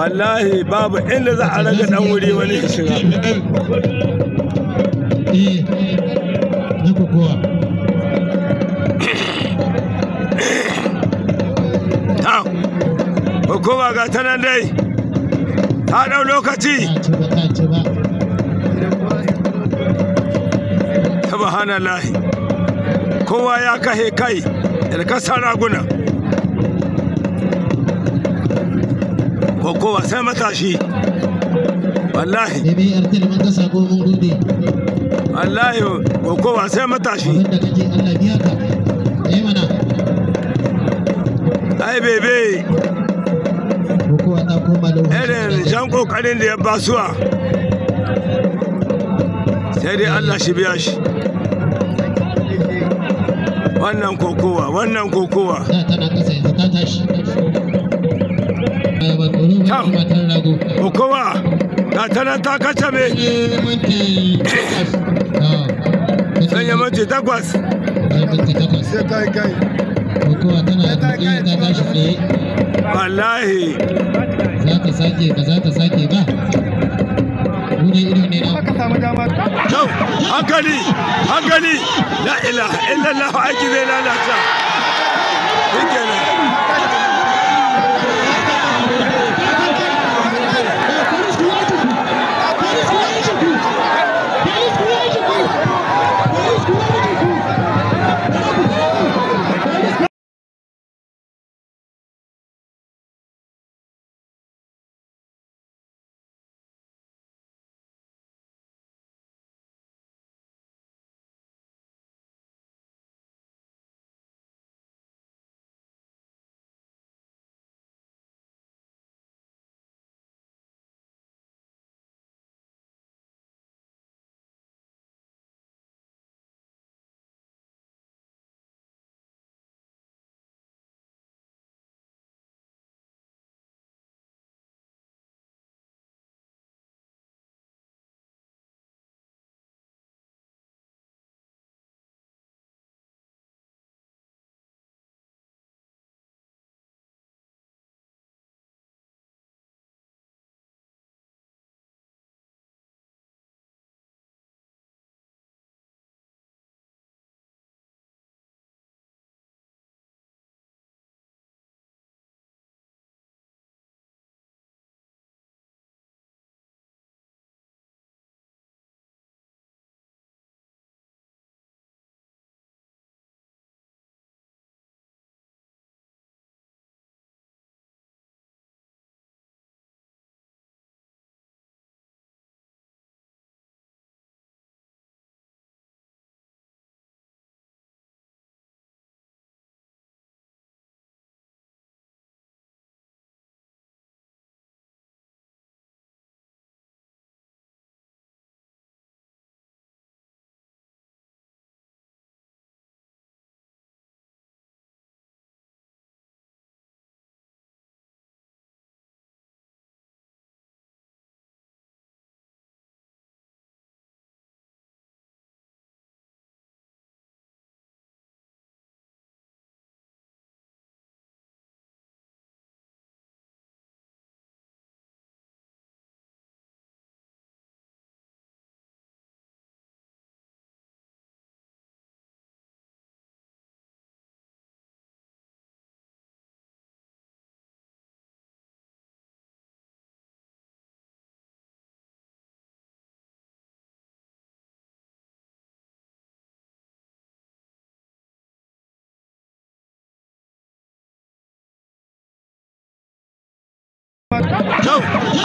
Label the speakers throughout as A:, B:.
A: wallahi babu inda za a raga dan wuri wani ya shiga hukuma ga ta nan dai ta ɗau lokaci lahi kowa ya kahe kai ilkasar raguna kokowa sai matashi wallahi wallahi kokowa sai matashi ai bebe irin jan kokarin da ya basuwa sai dai allah shi biya shi wannan kokowa wannan kokowa tana kasa yanzu ta tashi hukuma ga ta nan ta me mace takwas sai da ta tashi tsaye wallahi za ta sake ba za ta sake ba wuri ido ne na hankali hankali la ilaha illallah aiki zai lalata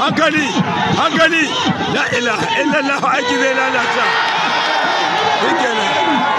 A: hankali hankali la ilaha illallah aiki zai lalata shi